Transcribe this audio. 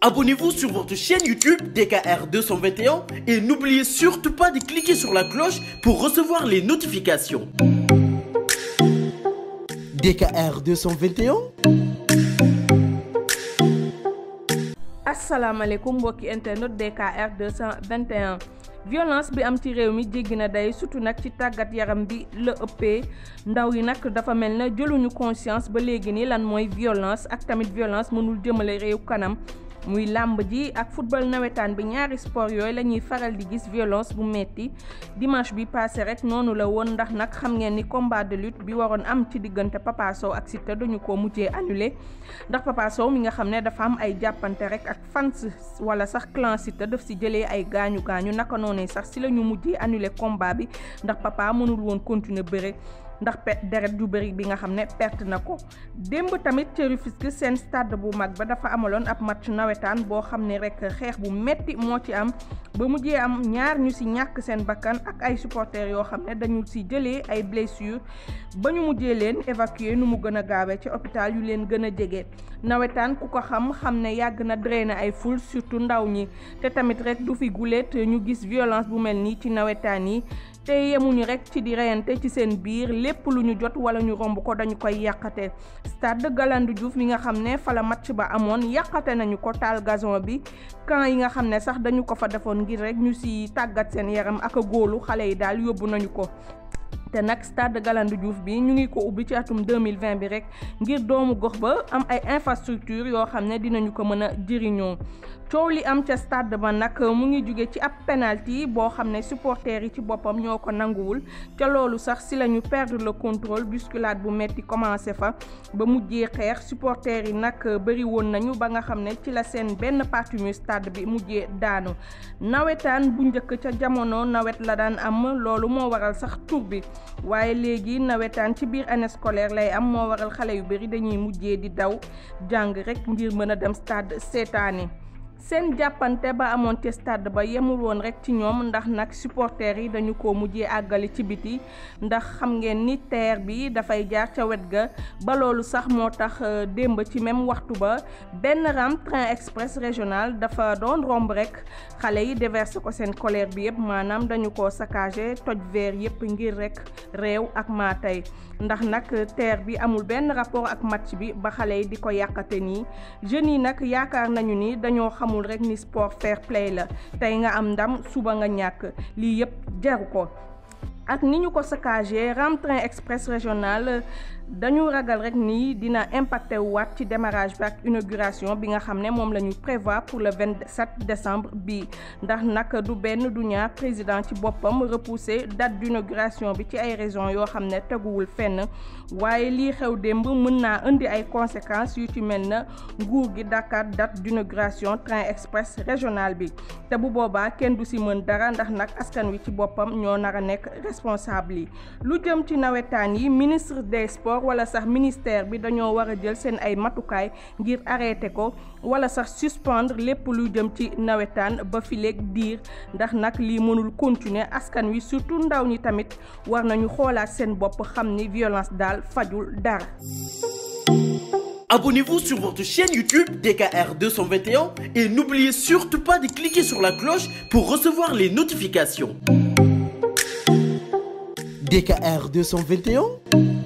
abonnez-vous sur votre chaîne YouTube dkr et n'oubliez surtout pas de cliquer sur la cloche pour recevoir les notifications. DKR221. asalaamaaleykum mbokki internet DKR 221 violence bi am ci réew mi jéggi na day surtout nag ci tàggat yaram bi la ëppee ndaw yi nag dafa mel na jëluñu conscience ba léegi ni lan mooy violence ak tamit violence mënul jëmale réew kanam. muy làmb ji ak football nawetaan bi ñaari sport yooyu la ñuy faral di gis violence bu metti dimanche bi passé rek noonu la woon ndax nag xam ngeen ni combat de lute bi waroon am ci diggante Papa Sow ak Siteu dañu ko mujjee annulé ndax Papa Sow mi nga xam ne dafa am ay jàppante rek ak fans wala sax clan Siteu def si jëlee ay gaañu gaañu naka noonee sax si la ñu mujjee annulé combat bi ndax papa mënul woon continuer bëre ndax deret ju bëri bi nga xam ne perte na ko démb tamit ca Rufisque seen stade bu mag ba dafa amaloon ab match nawetaan boo xam ne rek xeex bu metti moo ci am ba mujjee am ñaar ñu si ñàkk seen bakkan ak ay supporters yoo xam ne dañu si jëlee ay blessures ba ñu mujjee leen évacuer nu mu gën a gaawee ci hôpital yu leen gën a jege nawetaan ku ko xam xam ne yàgg na drainer ay foule surtout ndaw ñi te tamit rek du fi guléet ñu gis violence bu mel nii ci nawetaan yi rek ci di ci seen biir lépp lu ñu jot wala ñu romb ko dañu koy yàqate stade Galandou Diouf mi nga xam ne fa la match ba amoon yàqate nañu ko taal gazon bi camp yi nga xam ne sax dañu ko fa defoon ngir rek ñu si tàggat seen yaram ak góorlu xale yi daal yóbbu nañu ko te nag stade Galandou Diouf bi ñu ngi ko ubbi ci atum 2020 bi rek ngir doomu gox ba am ay infrastructure yoo xam ne dinañu ko mën a jëriñoo coow li am ca stade ba nag mu ngi jóge ci ab penalty boo xam ne supporters yi ci boppam ñoo ko nanguwul ca loolu sax si la ñu perdre le contrôle bousculade bu metti commencé fa ba mujjee xeex supporters yi nag bëri nañu ba nga xam ne ci la seen benn partenaire stade bi mujjee daanu nawetaan bu njëkk ca jamono nawet la daan am loolu moo waral sax tur bi waaye léegi nawetaan ci biir année scolaire lay am moo waral xale yu bëri dañuy mujje di daw jàng rek ngir mën a dem stade seetaani seen jàppante ba amoon ci stade ba yemul woon rek ci ñoom ndax nag supporters yi dañu ko mujjee àggali ci biti ndax xam ngeen ni terre bi dafay jaar ca wet ga ba loolu sax moo tax euh, démb ci même waxtu ba benn ram train express régional dafa doon romb rek xale yi déverse ko seen colère bi yëpp maanaam dañu ko saccagé toj verre yëpp ngir rek réew ak maa tey ndax nag euh, terre bi amul benn rapport ak match bi ba xale yi di ko yàqate nii jeunes yi nag yaakaar xamul rek ni sport fair play la tey nga am ndam suba nga ñàkk lii yëpp jaru ko at ni ñu ko saccagé Ramtrain express régional dañu ragal rek nii dina impacté waat ci démarrage bi ak inauguration bi nga xam ne moom la ñu prévoir pour le 27 décembre bi ndax nag du benn du ñaar président ci boppam repoussé date d'inauguration bi ci ay raisons yoo xam ne teguwul fenn waaye lii xew démb mën naa indi ay conséquences yu ci mel na nguur gi Dakar date d'inauguration train express régional bi te bu boobaa kenn du si mën dara ndax nag askan wi ci boppam ñoo nar a nekk responsable yi lu corps wala sax ministère bi dañoo war a jël seen ay matukaay ngir arrêté ko wala sax suspendre lépp lu jëm ci nawetaan ba fileeg diir ndax nag lii mënul continuer askan wi surtout ndaw ñi tamit war nañu xoolaat seen bopp xam ni violence daal fajul dara. Abonnez-vous sur votre chaîne YouTube DKR 221 et n'oubliez surtout pas de cliquer sur la cloche pour recevoir les notifications. DKR